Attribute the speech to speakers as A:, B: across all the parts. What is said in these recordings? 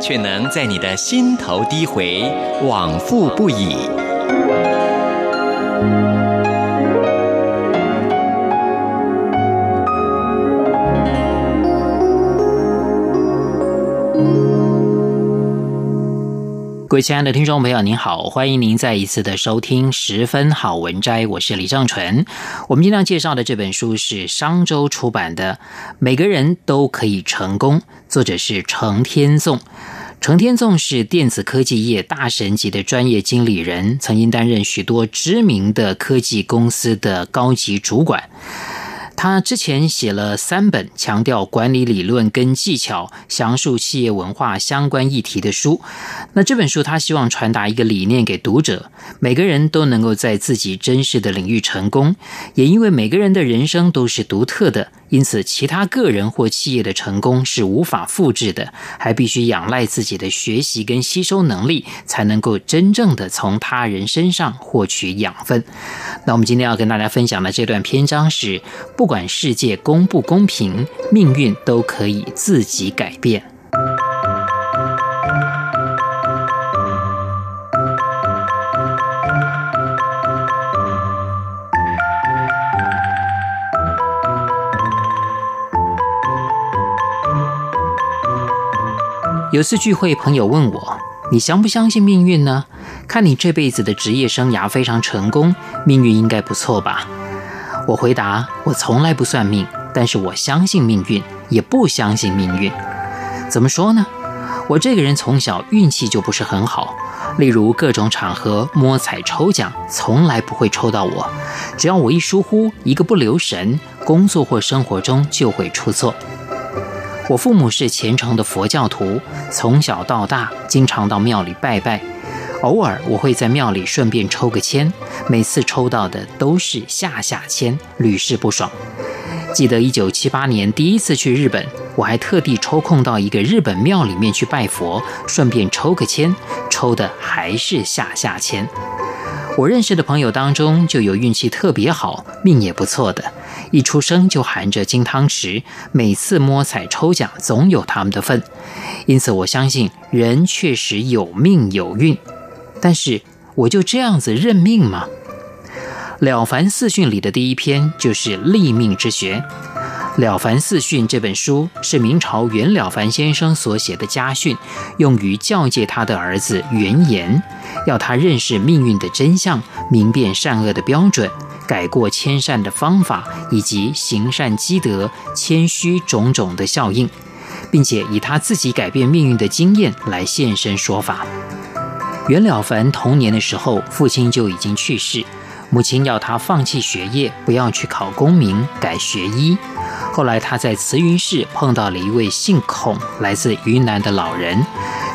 A: 卻能在你的心頭低回，往複不已。各位親愛的聽眾朋友，您好，歡迎您再一次的收聽《十分好文摘》，我是李正純。我們今天要介紹的這本書是商周出版的《每個人都可以成功》，作者是程天縱。程天縱是電子科技業大神級的專業經理人，曾經擔任許多知名的科技公司的高級主管。他之前寫了三本強調管理理論跟技巧、詳述企業文化相關議題的書。那這本書，他希望傳達一個理念給讀者：每個人都能夠在自己珍視的領域成功，也因為每個人的人生都是獨特的。因此，其他個人或企業的成功是無法複製的，還必須仰賴自己的學習跟吸收能力，才能夠真正的從他人身上獲取養分。那我們今天要跟大家分享的這段篇章是：不管世界公不公平，命運都可以自己改變。有次聚會，朋友問我：“你相不相信命運呢？看你這輩子的職業生涯非常成功，命運應該不錯吧？”我回答：“我從來不算命，但是我相信命運，也不相信命運。怎麼說呢？我這個人從小運氣就不是很好，例如各種場合摸彩抽獎，從來不會抽到我。只要我一疏忽，一個不留神，工作或生活中就會出錯。”我父母是虔誠的佛教徒，從小到大經常到廟裡拜拜，偶爾我會在廟裡順便抽個籤，每次抽到的都是下下籤，屢試不爽。記得一九七八年第一次去日本，我還特地抽空到一個日本廟裡面去拜佛，順便抽個籤，抽的還是下下籤。我認識的朋友當中就有運氣特別好、命也不錯的。一出生就含着金湯匙，每次摸彩抽獎總有他們的份，因此我相信人確實有命有運。但是我就這樣子認命嗎？《了凡四訓》裡的第一篇就是立命之學。《了凡四訓》這本書是明朝袁了凡先生所寫的家訓，用於教誡他的兒子袁言，要他認識命運的真相，明辨善惡的標準，改過遷善的方法，以及行善積德、謙虛種種的效應，並且以他自己改變命運的經驗來現身說法。袁了凡童年的時候，父親就已經去世。母親要他放棄學業，不要去考功名，改學醫。後來他在慈雲寺碰到了一位姓孔、來自雲南的老人。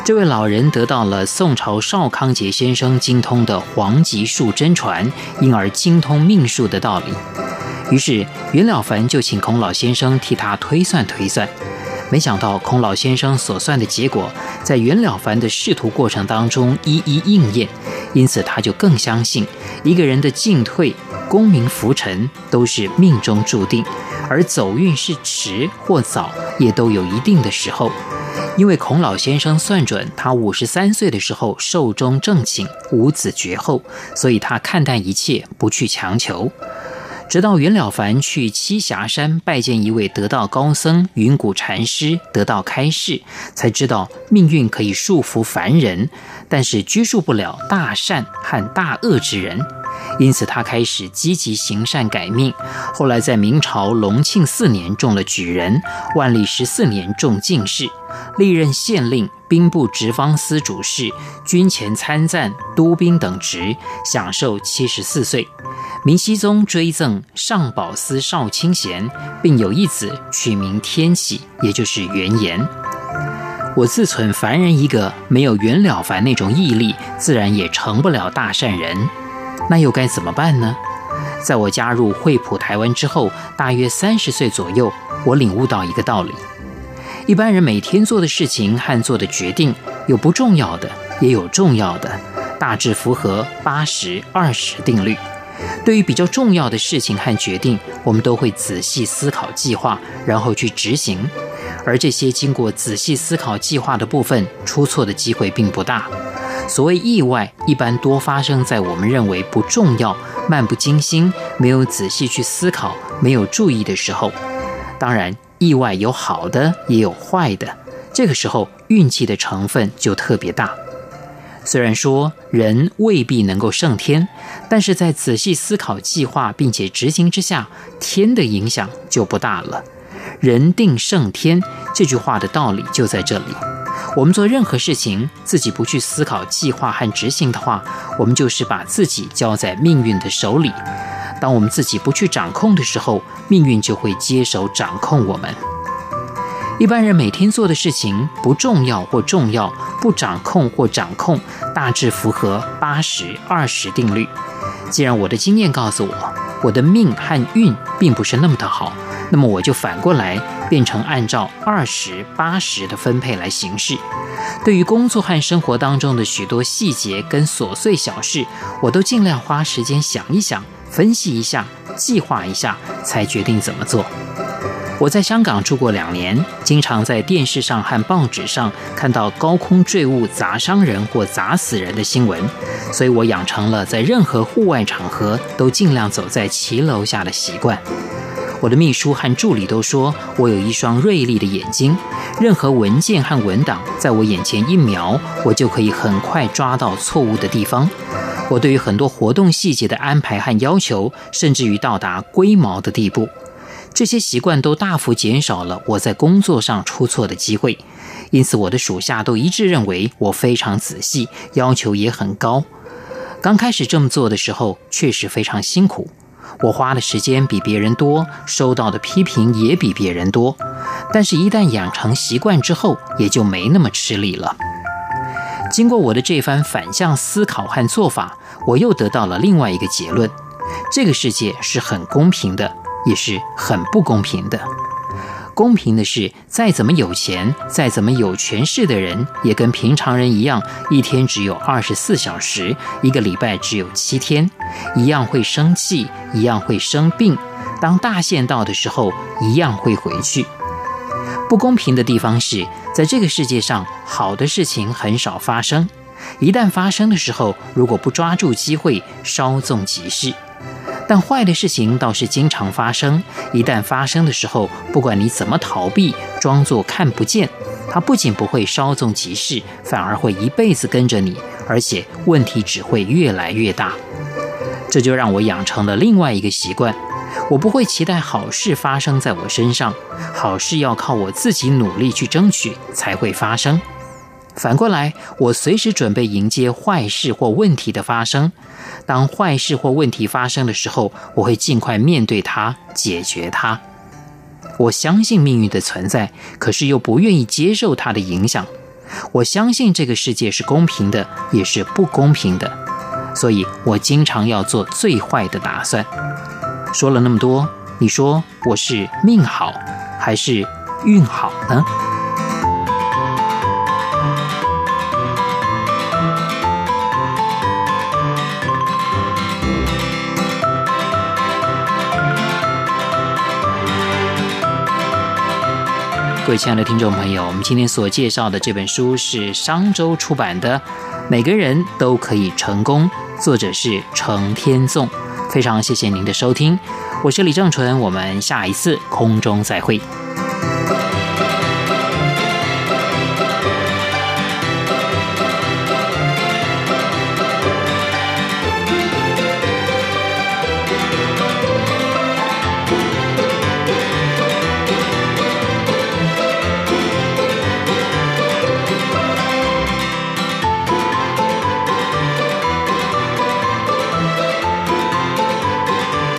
A: 這位老人得到了宋朝邵康節先生精通的皇極數真傳，因而精通命數的道理。於是袁了凡就請孔老先生替他推算推算。沒想到孔老先生所算的結果，在袁了凡的仕途過程當中一一應驗，因此他就更相信一個人的進退、功名浮沉都是命中注定，而走運是遲或早也都有一定的時候。因為孔老先生算準他五十三歲的時候壽終正寢、無子絕後，所以他看淡一切，不去強求。直到袁了凡去棲霞山拜見一位得道高僧雲谷禪師，得到開示，才知道命運可以束縛凡人，但是拘束不了大善和大惡之人。因此，他開始積極行善改命。後來，在明朝隆慶四年中了舉人，萬曆十四年中進士，歷任縣令。兵部職方司主事、軍前參贊、督兵等職，享壽七十四歲。明熹宗追贈尚寶司少卿銜，並有一子，取名天啟，也就是袁儼。我自忖凡人一個，沒有袁了凡那種毅力，自然也成不了大善人。那又該怎麼辦呢？在我加入惠普台灣之後，大約三十歲左右，我領悟到一個道理。一般人每天做的事情和做的決定，有不重要的，也有重要的，大致符合八十二十定律。對於比較重要的事情和決定，我們都會仔細思考、計劃，然後去執行。而這些經過仔細思考、計劃的部分，出錯的機會並不大。所謂意外，一般多發生在我們認為不重要、漫不經心、沒有仔細去思考、沒有注意的時候。當然。意外有好的，也有壞的。這個時候，運氣的成分就特別大。雖然說人未必能夠勝天，但是在仔細思考計劃並且執行之下，天的影響就不大了。人定勝天這句話的道理就在這裡。我們做任何事情，自己不去思考計劃和執行的話，我們就是把自己交在命運的手裡。當我們自己不去掌控的時候，命運就會接手掌控我們。一般人每天做的事情不重要或重要，不掌控或掌控，大致符合八十二十定律。既然我的經驗告訴我，我的命和運並不是那麼的好，那麼我就反過來變成按照二十八十的分配來行事。對於工作和生活當中的許多細節跟瑣碎小事，我都儘量花時間想一想。分析一下，計劃一下，才決定怎麼做。我在香港住過兩年，經常在電視上和報紙上看到高空墜物砸傷人或砸死人的新聞，所以我養成了在任何戶外場合都儘量走在騎樓下的習慣。我的秘書和助理都說我有一雙銳利的眼睛，任何文件和文檔在我眼前一瞄，我就可以很快抓到錯誤的地方。我對於很多活動細節的安排和要求，甚至於到達龜毛的地步，這些習慣都大幅減少了我在工作上出錯的機會，因此我的屬下都一致認為我非常仔細，要求也很高。剛開始這麼做的時候，確實非常辛苦，我花的時間比別人多，收到的批評也比別人多，但是一旦養成習慣之後，也就沒那麼吃力了。經過我的這番反向思考和做法。我又得到了另外一個結論：這個世界是很公平的，也是很不公平的。公平的是，再怎麼有錢、再怎麼有權勢的人，也跟平常人一樣，一天只有二十四小時，一個禮拜只有七天，一樣會生氣，一樣會生病。當大限到的時候，一樣會回去。不公平的地方是，在這個世界上，好的事情很少發生。一旦發生的時候，如果不抓住機會，稍縱即逝。但壞的事情倒是經常發生。一旦發生的時候，不管你怎麼逃避、裝作看不見，它不僅不會稍縱即逝，反而會一輩子跟着你，而且問題只會越來越大。這就讓我養成了另外一個習慣：我不會期待好事發生在我身上，好事要靠我自己努力去爭取才會發生。反過來，我隨時準備迎接壞事或問題的發生。當壞事或問題發生的時候，我會盡快面對它，解決它。我相信命運的存在，可是又不願意接受它的影響。我相信這個世界是公平的，也是不公平的，所以我經常要做最壞的打算。說了那麼多，你說我是命好還是運好呢？各位親愛的聽眾朋友，我們今天所介紹的這本書是商周出版的《每個人都可以成功》，作者是程天縱。非常謝謝您的收聽，我是李正純，我們下一次空中再會。